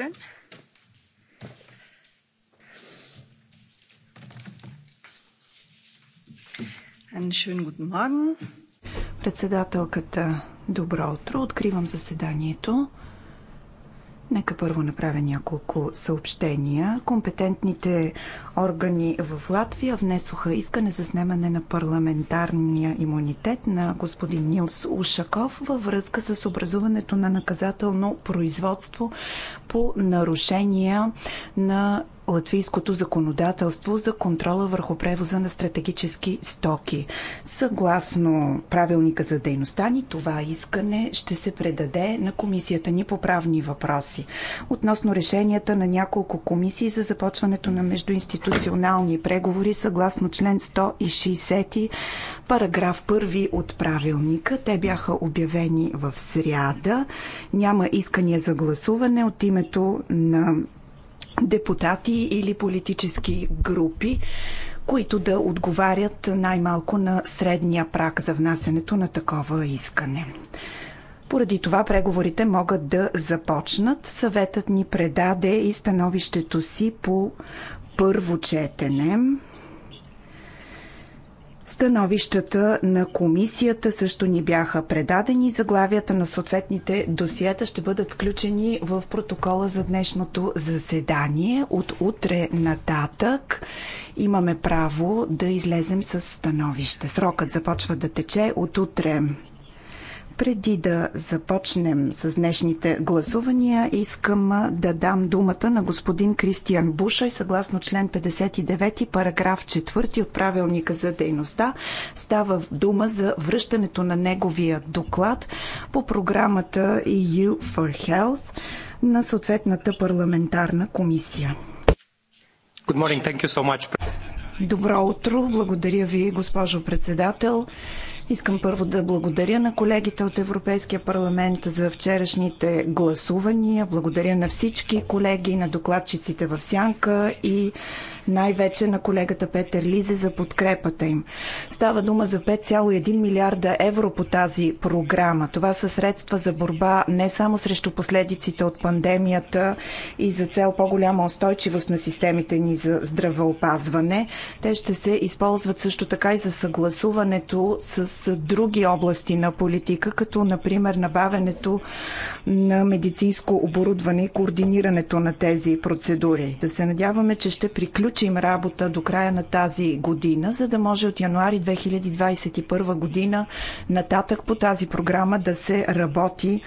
discussion? Председателката, добро утро. Откривам заседанието. Нека първо направя няколко съобщения. Компетентните органи в Латвия внесоха искане за снемане на парламентарния имунитет на господин Нилс Ушаков във връзка с образуването на наказателно производство по нарушения на латвийското законодателство за контрола върху превоза на стратегически стоки. Съгласно правилника за дейността ни, това искане ще се предаде на комисията ни по правни въпроси. Относно решенията на няколко комисии за започването на междуинституционални преговори, съгласно член 160, параграф 1 от правилника, те бяха обявени в сряда. Няма искания за гласуване от името името на депутати или политически групи, които да отговарят най-малко на средния прак за внасянето на такова искане. Поради това преговорите могат да започнат. Съветът ни предаде и становището си по първо четене Становищата на комисията също ни бяха предадени. Заглавията на съответните досиета ще бъдат включени в протокола за днешното заседание. От утре нататък имаме право да излезем с становище. Срокът започва да тече от утре. Преди да започнем с днешните гласувания, искам да дам думата на господин Кристиан Буша и съгласно член 59, параграф 4 от правилника за дейността става дума за връщането на неговия доклад по програмата EU for Health на съответната парламентарна комисия. Good morning. Thank you so much. Добро утро. Благодаря ви, госпожо председател. Искам първо да благодаря на колегите от Европейския парламент за вчерашните гласувания. Благодаря на всички колеги, на докладчиците в Сянка и най-вече на колегата Петър Лизе за подкрепата им. Става дума за 5,1 милиарда евро по тази програма. Това са средства за борба не само срещу последиците от пандемията и за цел по-голяма устойчивост на системите ни за здравеопазване. Те ще се използват също така и за съгласуването с други области на политика, като например набавянето на медицинско оборудване и координирането на тези процедури. Да се надяваме, че ще приключи приключим работа до края на тази година, за да може от януари 2021 година нататък по тази програма да се работи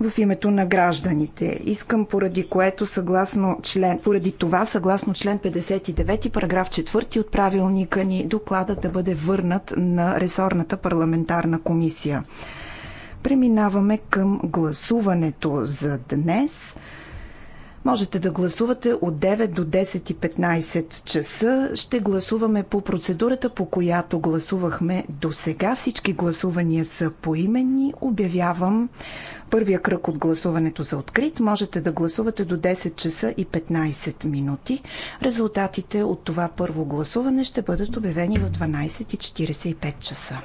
в името на гражданите. Искам поради което съгласно член, поради това съгласно член 59 параграф 4 от правилника ни докладът да бъде върнат на ресорната парламентарна комисия. Преминаваме към гласуването за днес – Можете да гласувате от 9 до 10.15 часа. Ще гласуваме по процедурата, по която гласувахме до сега. Всички гласувания са поименни. Обявявам първия кръг от гласуването за открит. Можете да гласувате до 10 часа и 15 минути. Резултатите от това първо гласуване ще бъдат обявени в 12.45 часа.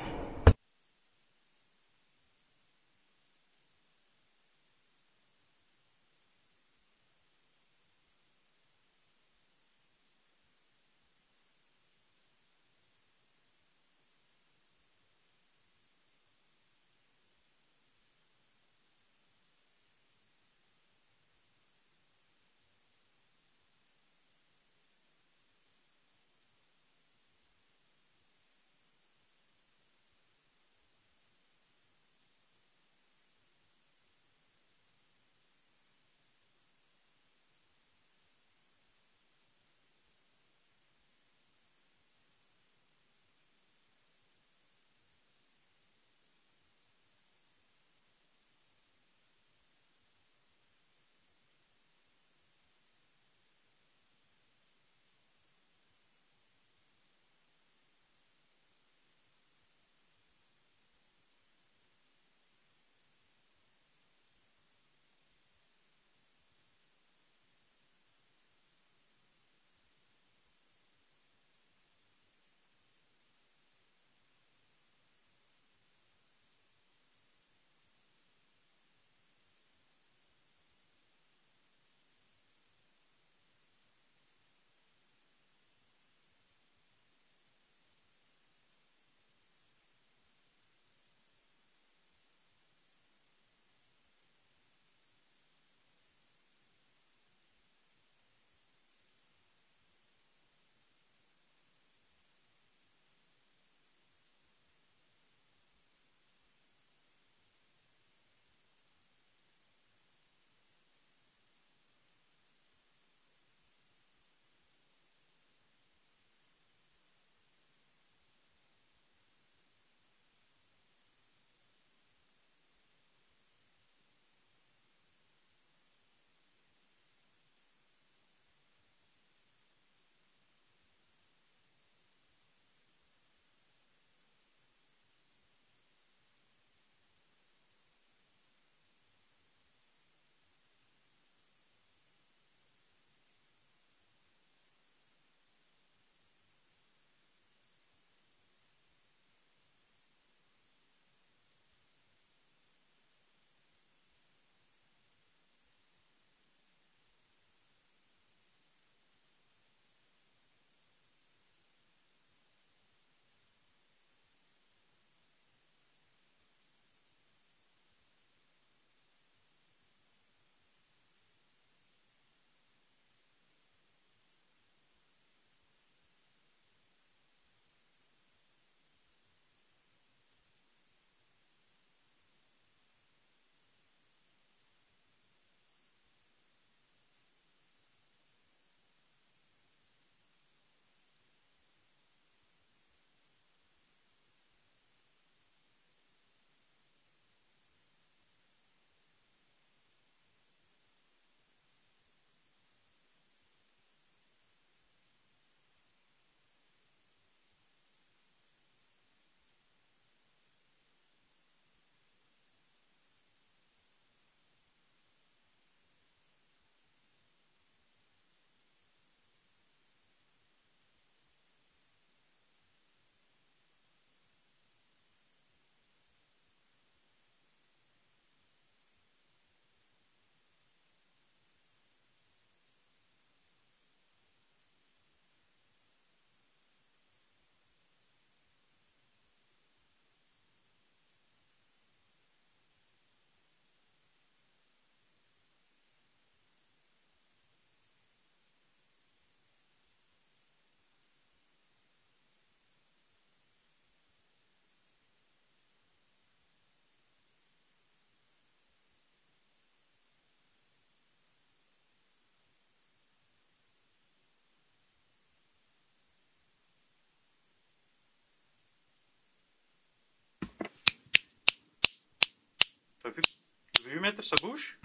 vu, vu mettre sa bouche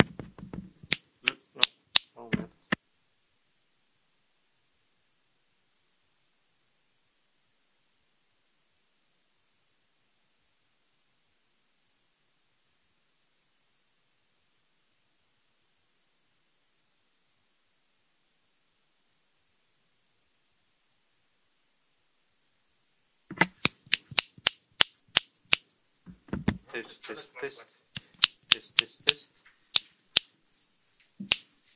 Le, oh merde. Test, test, test тест, тест, тест.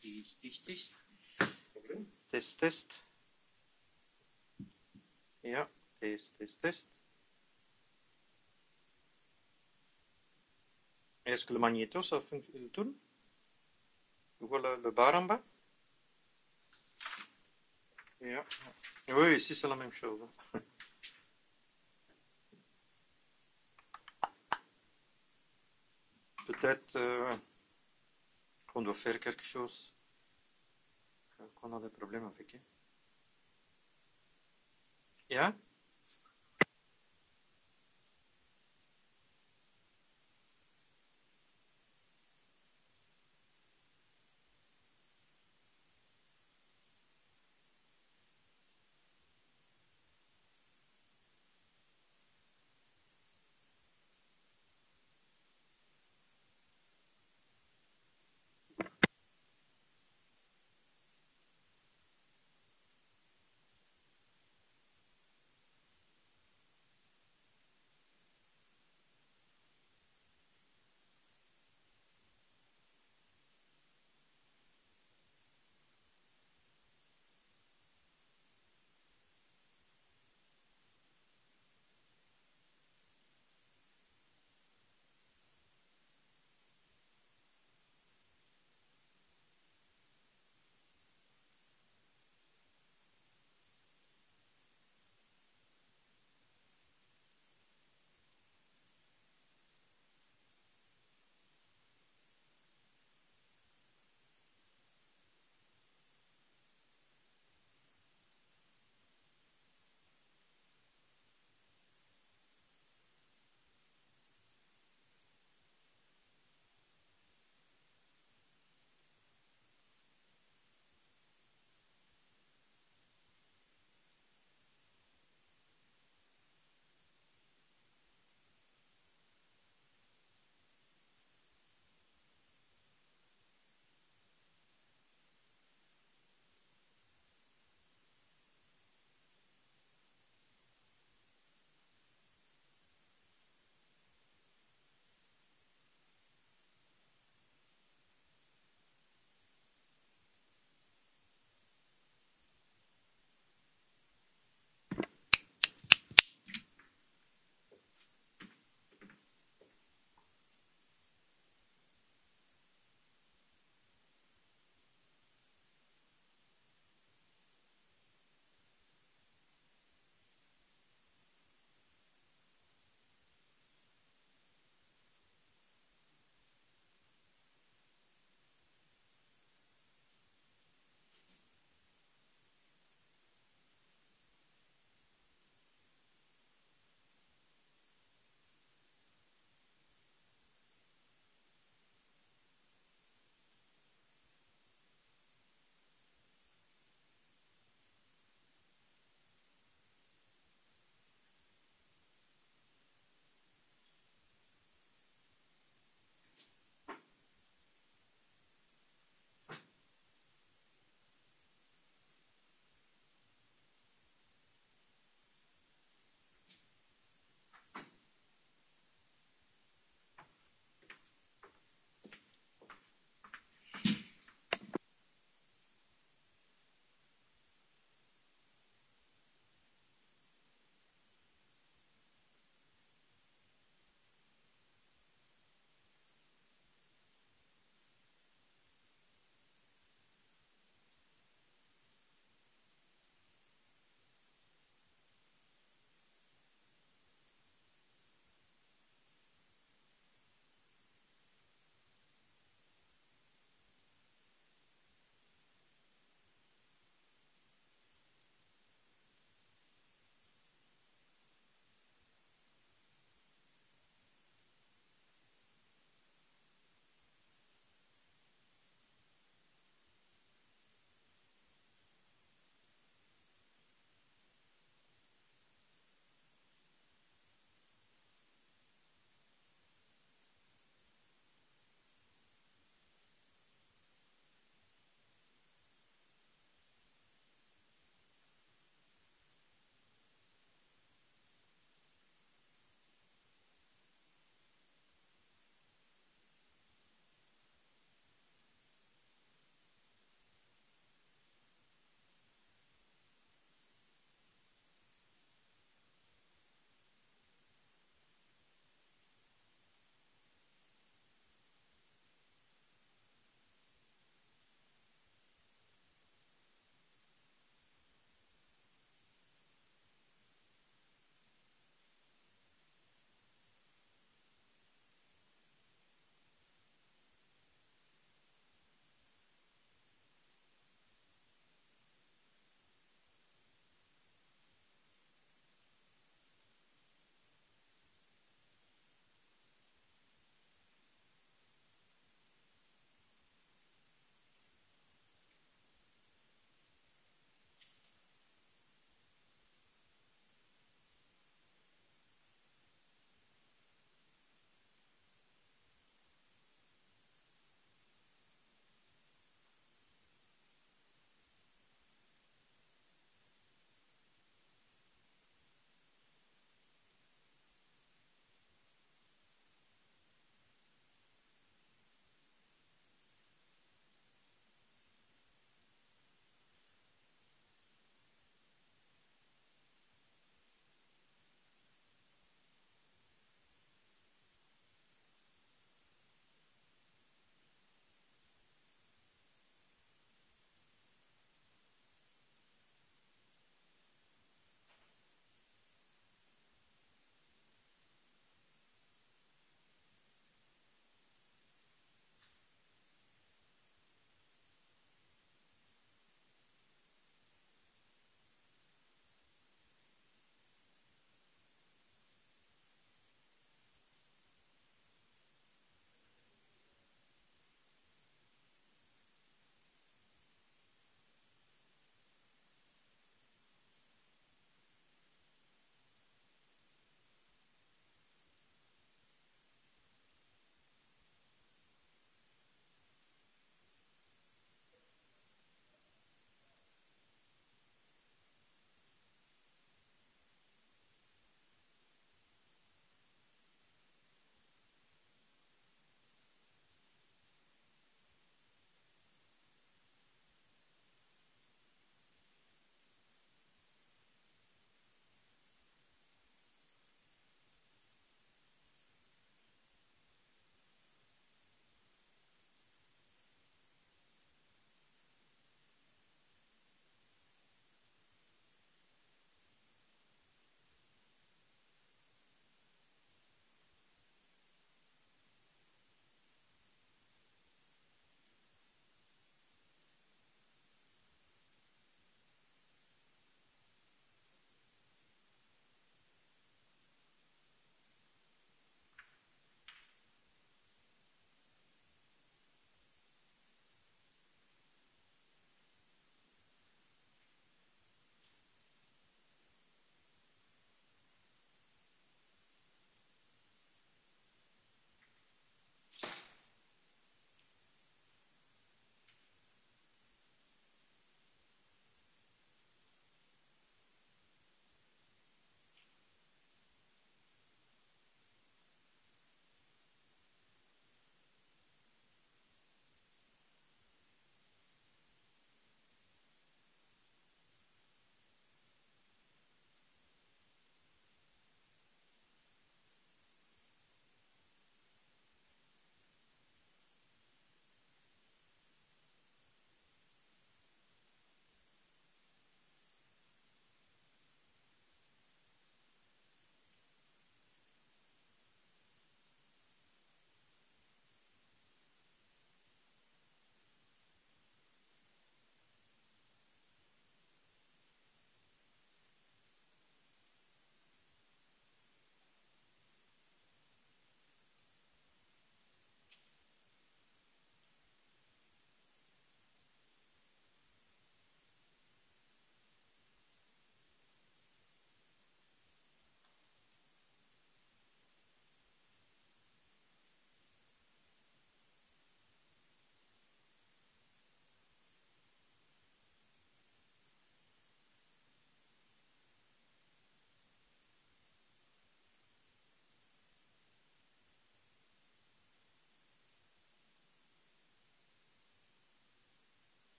Тищ, тищ, тищ. Добре. Тест, тест. Ja, тест, тест, тест. Е, skulle man gita oss av funktionen? Гола лебарамба? Ja. Jo, и си салам им шоува. Peut-être euh, qu'on doit faire quelque chose, qu'on a des problèmes avec eux. Yeah?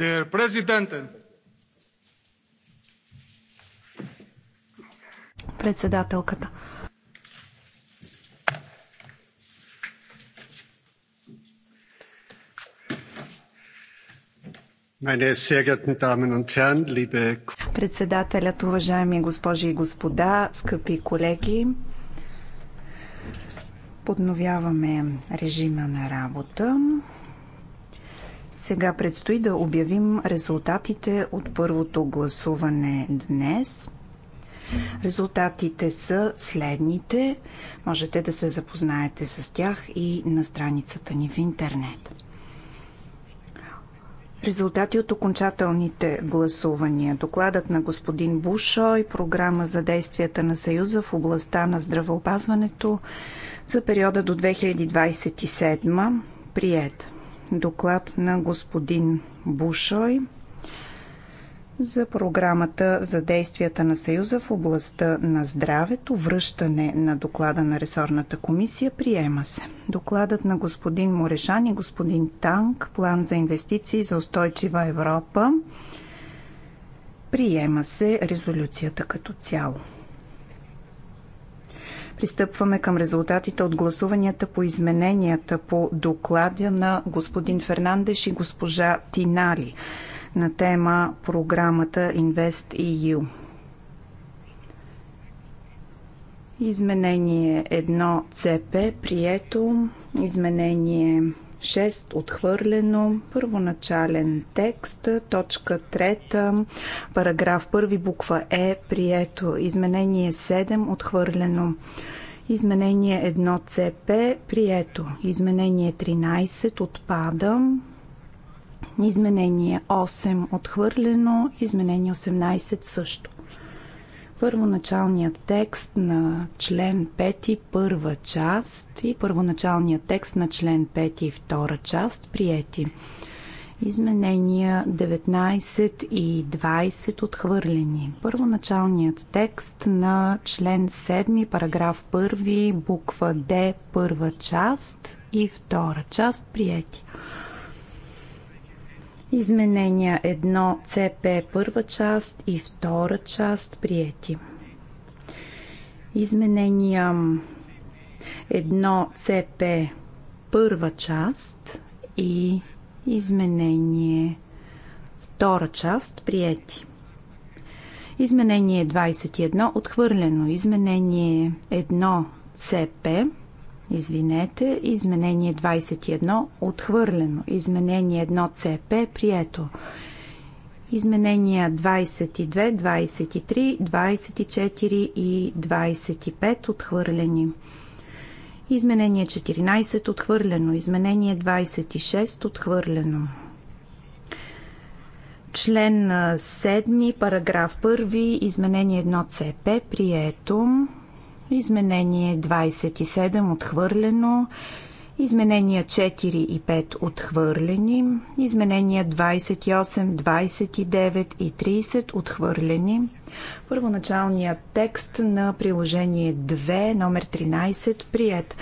der Präsidenten. Председателката. Meine sehr geehrten Damen und Herren, liebe... Председателят, уважаеми госпожи и господа, скъпи колеги, подновяваме режима на работа. Сега предстои да обявим резултатите от първото гласуване днес. Резултатите са следните. Можете да се запознаете с тях и на страницата ни в интернет. Резултати от окончателните гласувания. Докладът на господин Бушо и програма за действията на Съюза в областта на здравеопазването за периода до 2027 прият доклад на господин Бушой за програмата за действията на Съюза в областта на здравето, връщане на доклада на ресорната комисия, приема се. Докладът на господин Морешан и господин Танк, план за инвестиции за устойчива Европа, приема се резолюцията като цяло. Пристъпваме към резултатите от гласуванията по измененията по доклада на господин Фернандеш и госпожа Тинали на тема програмата EU. E Изменение 1 ЦП прието. Изменение 6 отхвърлено, първоначален текст, точка 3, параграф 1, буква Е, прието, изменение 7 отхвърлено. Изменение 1 ЦП прието. Изменение 13 отпада. Изменение 8 отхвърлено. Изменение 18 също първоначалният текст на член 5, първа част и първоначалният текст на член 5, втора част, приети. Изменения 19 и 20 отхвърлени. Първоначалният текст на член 7, параграф 1, буква Д, първа част и втора част, приети. Изменения 1 ЦП първа част и втора част приети. Изменения 1 ЦП първа част и изменение втора част приети. Изменение 21 отхвърлено. Изменение 1 ЦП Извинете, изменение 21 отхвърлено. Изменение 1 ЦП прието. Изменения 22, 23, 24 и 25 отхвърлени. Изменение 14 отхвърлено. Изменение 26 отхвърлено. Член 7, параграф 1, изменение 1 ЦП, прието. Изменение 27 отхвърлено. Изменения 4 и 5 отхвърлени. Изменения 28, 29 и 30 отхвърлени. Първоначалният текст на приложение 2, номер 13, прият.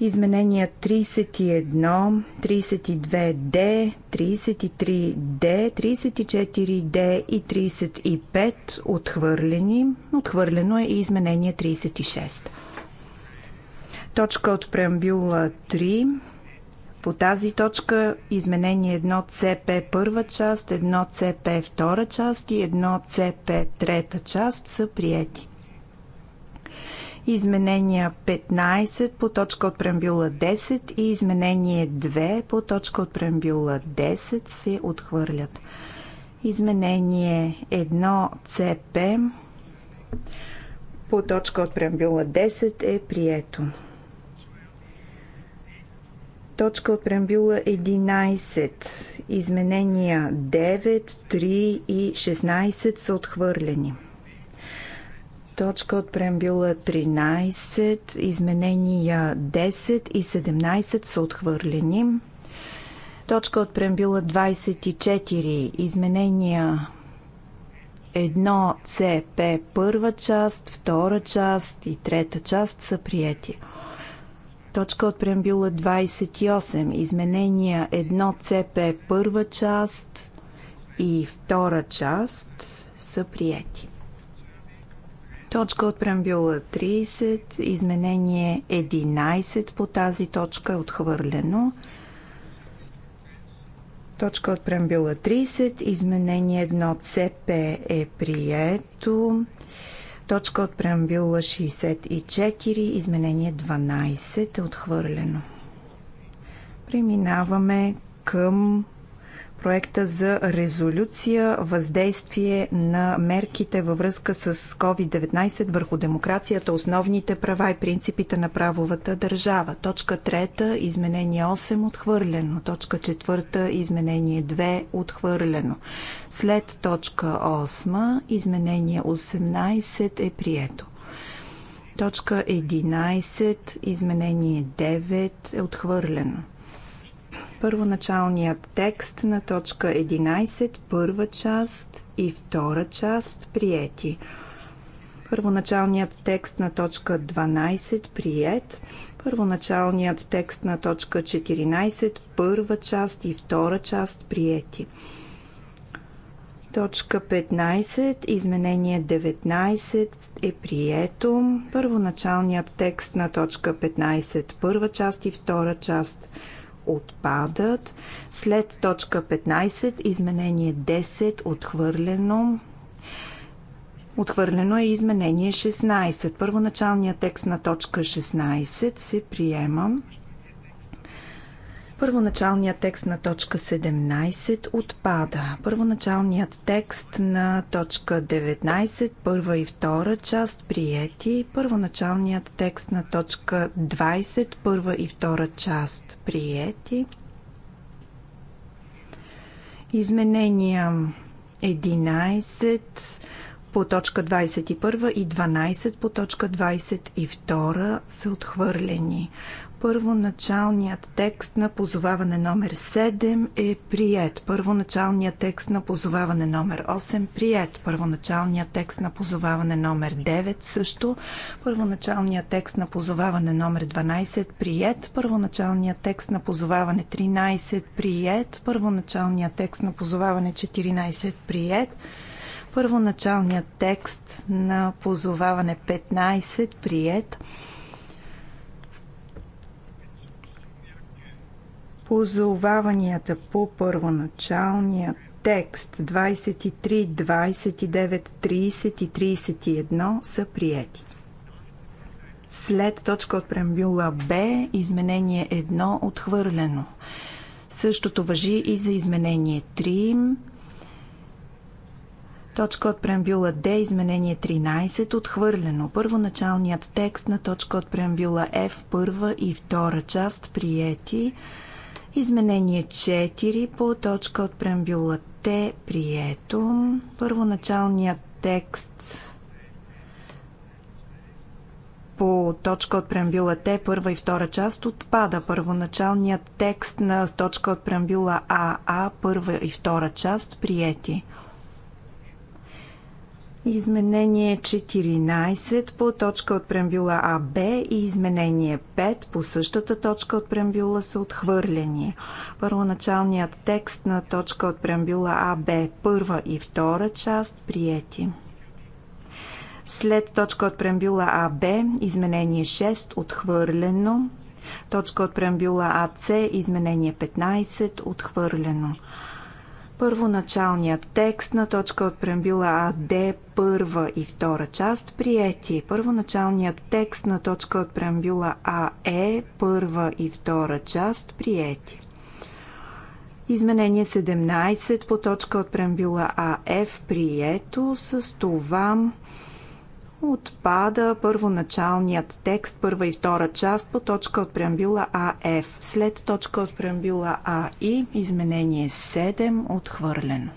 Изменения 31, 32D, 33D, 34D и 35 отхвърлени. Отхвърлено е и изменение 36. Точка от преамбюла 3. По тази точка изменение 1 CP първа част, 1 CP втора част и 1 CP трета част са приети изменения 15 по точка от преамбюла 10 и изменение 2 по точка от преамбюла 10 се отхвърлят. Изменение 1 CP по точка от преамбюла 10 е прието. Точка от преамбюла 11. Изменения 9, 3 и 16 са отхвърлени точка от преамбюла 13, изменения 10 и 17 са отхвърлени. Точка от преамбюла 24, изменения 1 CP първа част, втора част и трета част са приети. Точка от преамбюла 28, изменения 1 CP първа част и втора част са приети. Точка от преамбюла 30, изменение 11 по тази точка е отхвърлено. Точка от преамбюла 30, изменение 1 ЦП е прието. Точка от преамбюла 64, изменение 12 е отхвърлено. Преминаваме към проекта за резолюция въздействие на мерките във връзка с COVID-19 върху демокрацията, основните права и принципите на правовата държава. Точка 3, изменение 8 отхвърлено. Точка 4, изменение 2 отхвърлено. След точка 8, изменение 18 е прието. Точка 11, изменение 9 е отхвърлено първоначалният текст на точка 11, първа част и втора част приети. Първоначалният текст на точка 12 прият. Първоначалният текст на точка 14, първа част и втора част приети. Точка 15, изменение 19 е прието. Първоначалният текст на точка 15, първа част и втора част приети отпадат. След точка 15 изменение 10 отхвърлено. Отхвърлено е изменение 16. Първоначалният текст на точка 16 се приема. Първоначалният текст на точка 17 отпада. Първоначалният текст на точка 19, първа и втора част приети. Първоначалният текст на точка 20, първа и втора част приети. Изменения 11 по точка 21 и 12 по точка 22 са отхвърлени. Първоначалният текст на позоваване номер 7 е прият. Първоначалният текст на позоваване номер 8 прият. Първоначалният текст на позоваване номер 9 също. Първоначалният текст на позоваване номер 12 прият. Първоначалният текст на позоваване 13 прият. Първоначалният текст на позоваване 14 прият. Първоначалният текст на позоваване 15 прият позоваванията по първоначалния текст 23, 29, 30 и 31 са приети. След точка от преамбюла Б, изменение 1 отхвърлено. Същото въжи и за изменение 3. Точка от преамбюла Д, изменение 13, отхвърлено. Първоначалният текст на точка от преамбюла Ф първа и втора част, приети. Изменение 4 по точка от преамбюла Т, прието. Първоначалният текст по точка от преамбюла Т, първа и втора част отпада. Първоначалният текст на точка от преамбюла АА, първа и втора част, приети. Изменение 14 по точка от преамбюла АБ и изменение 5 по същата точка от преамбюла са отхвърлени. Първоначалният текст на точка от преамбюла АБ първа и втора част приети. След точка от преамбюла АБ изменение 6 отхвърлено. Точка от преамбюла АЦ изменение 15 отхвърлено. Първоначалният текст на точка от преамбюла АД, първа и втора част, приети. Първоначалният текст на точка от преамбюла АЕ, първа и втора част, приети. Изменение 17 по точка от преамбюла АФ, прието. С това Отпада първоначалният текст, първа и втора част по точка от преамбюла АФ. След точка от преамбюла АИ, изменение 7, отхвърлено.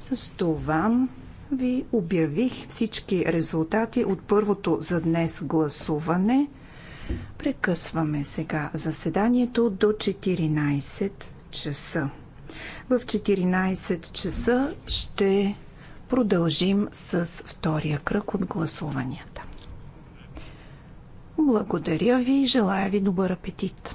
С това ви обявих всички резултати от първото за днес гласуване. Прекъсваме сега заседанието до 14 часа. В 14 часа ще продължим с втория кръг от гласуванията. Благодаря ви и желая ви добър апетит!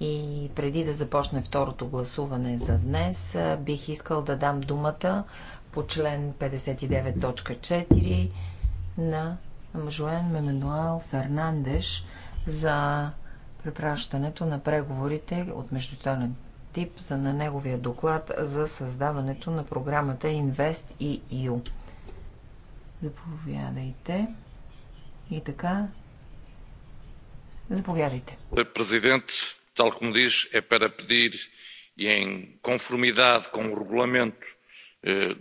И преди да започне второто гласуване за днес, бих искал да дам думата по член 59.4 на Мажуен Мемануел Фернандеш за препращането на преговорите от междустоен тип за на неговия доклад за създаването на програмата Invest EU. Заповядайте. И така. Заповядайте. Президент, tal como diz é para pedir и e em conformidade com o regulamento eh,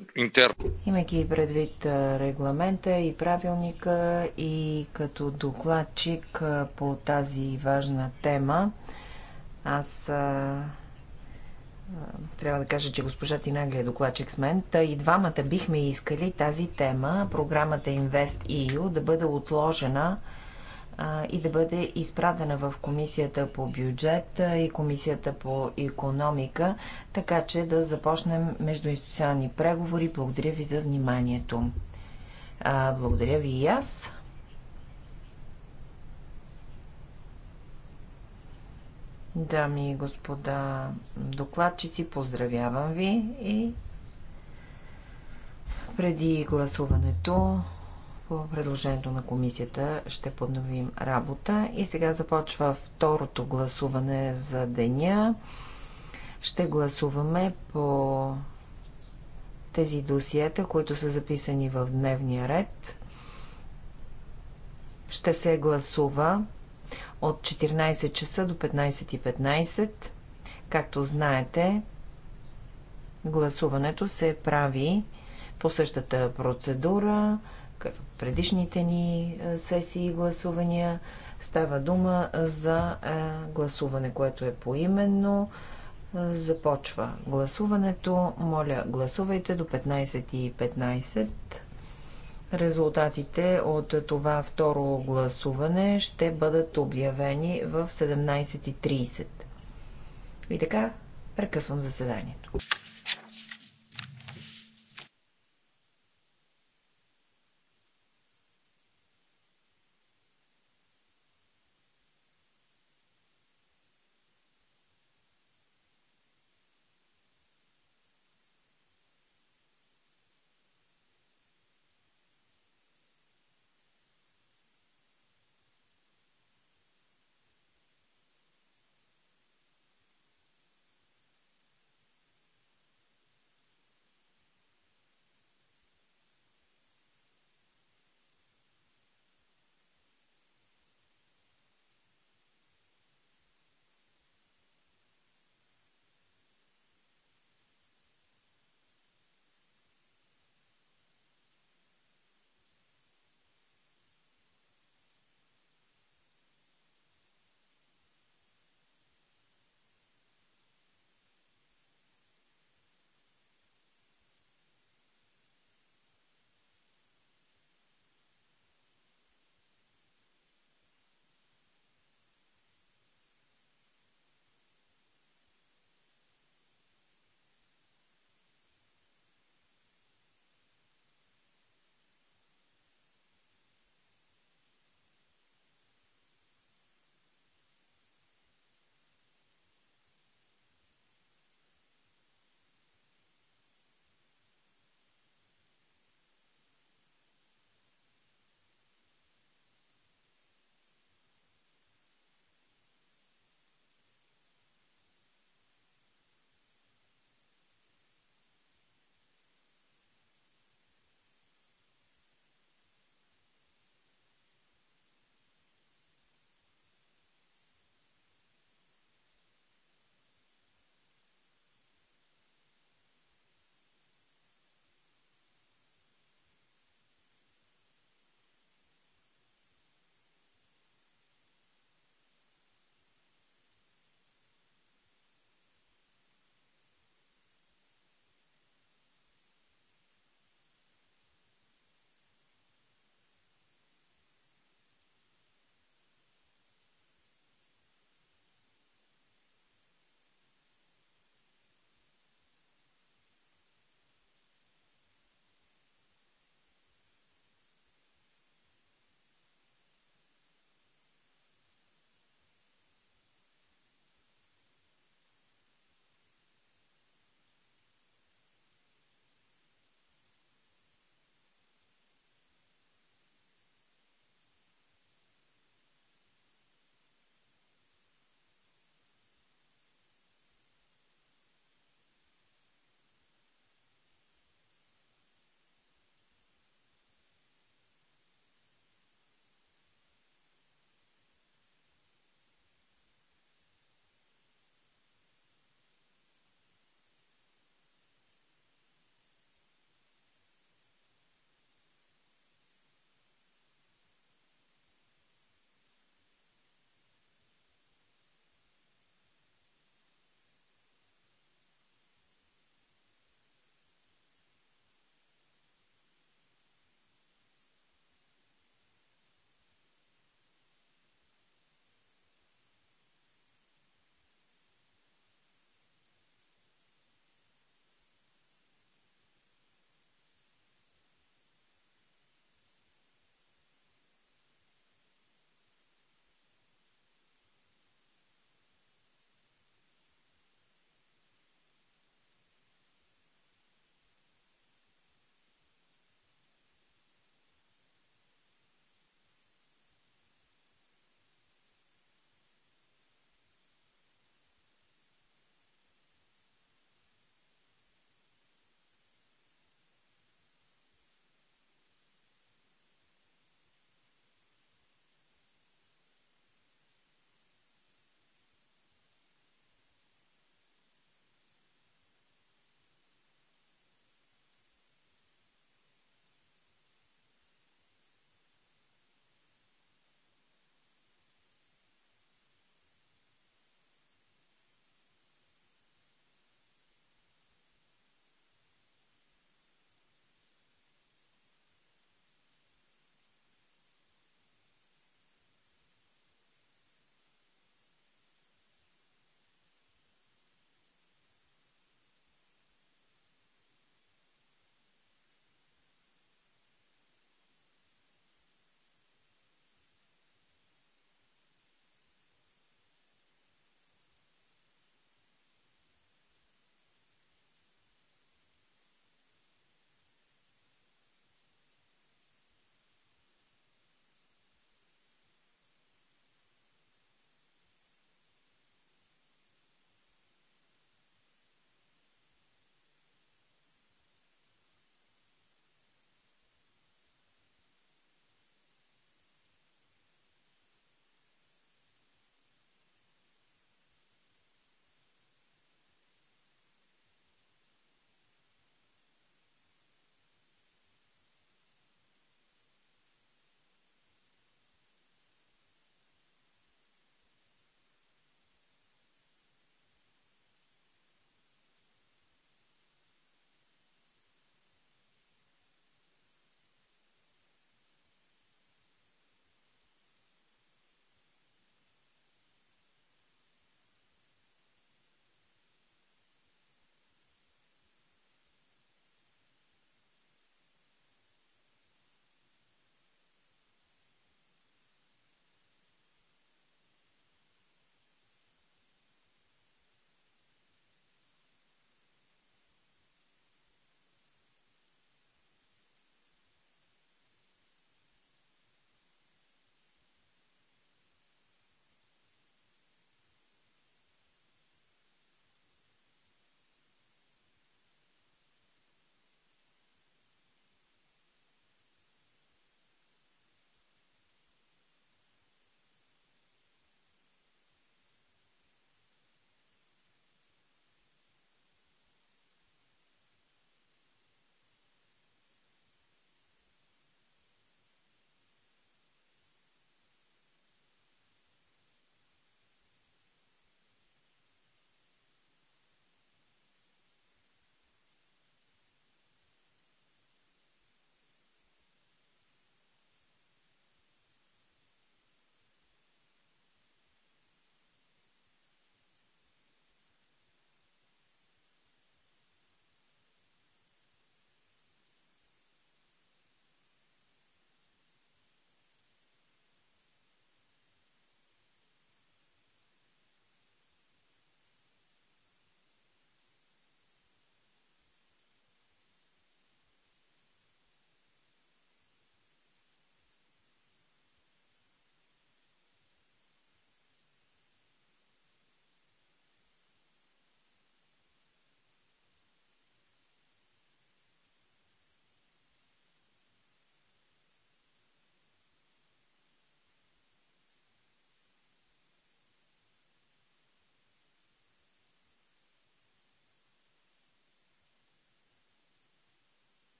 Имайки предвид регламента и правилника и като докладчик по тази важна тема, аз трябва да кажа, че госпожа Тинагли е докладчик с мен. Та и двамата бихме искали тази тема, програмата InvestEU, да бъде отложена и да бъде изпратена в комисията по бюджет и комисията по економика, така че да започнем междуинституционални преговори. Благодаря ви за вниманието. благодаря ви и аз. Дами и господа докладчици, поздравявам ви и преди гласуването по предложението на комисията ще подновим работа и сега започва второто гласуване за деня. Ще гласуваме по тези досиета, които са записани в дневния ред. Ще се гласува от 14 часа до 15.15. Както знаете, гласуването се прави по същата процедура – предишните ни е, сесии гласувания. Става дума е, за е, гласуване, което е поименно. Започва гласуването. Моля, гласувайте до 15.15. 15. Резултатите от това второ гласуване ще бъдат обявени в 17.30. И така, прекъсвам заседанието.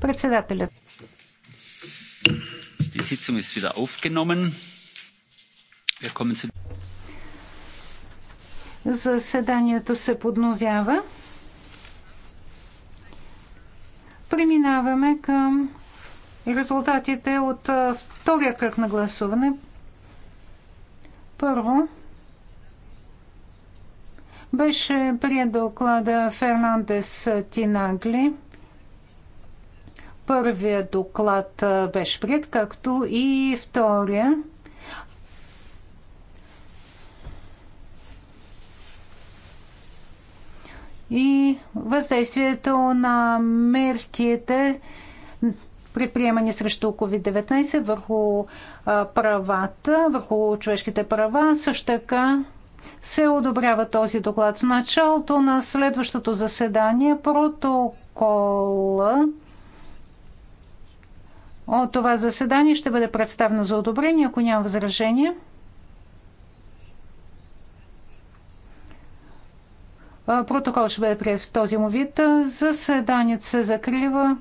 Председателят. Заседанието се подновява. Преминаваме към резултатите от втория кръг на гласуване. Първо, беше прият доклада Фернандес Тинагли. Първият доклад беше прият, както и втория. И въздействието на мерките предприемани срещу COVID-19 върху правата, върху човешките права, също така се одобрява този доклад. В началото на следващото заседание протокола от това заседание ще бъде представено за одобрение, ако няма възражение. Протокол ще бъде прият в този му вид. Заседанието се закрива.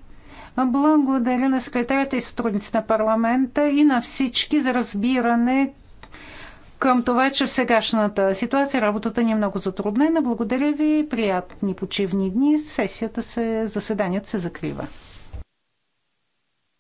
Благодаря на секретарята и сътрудници на парламента и на всички за разбиране към това, е, че в сегашната ситуация работата ни е много затруднена. Благодаря ви, приятни почивни дни. Сесията се, заседанието се закрива.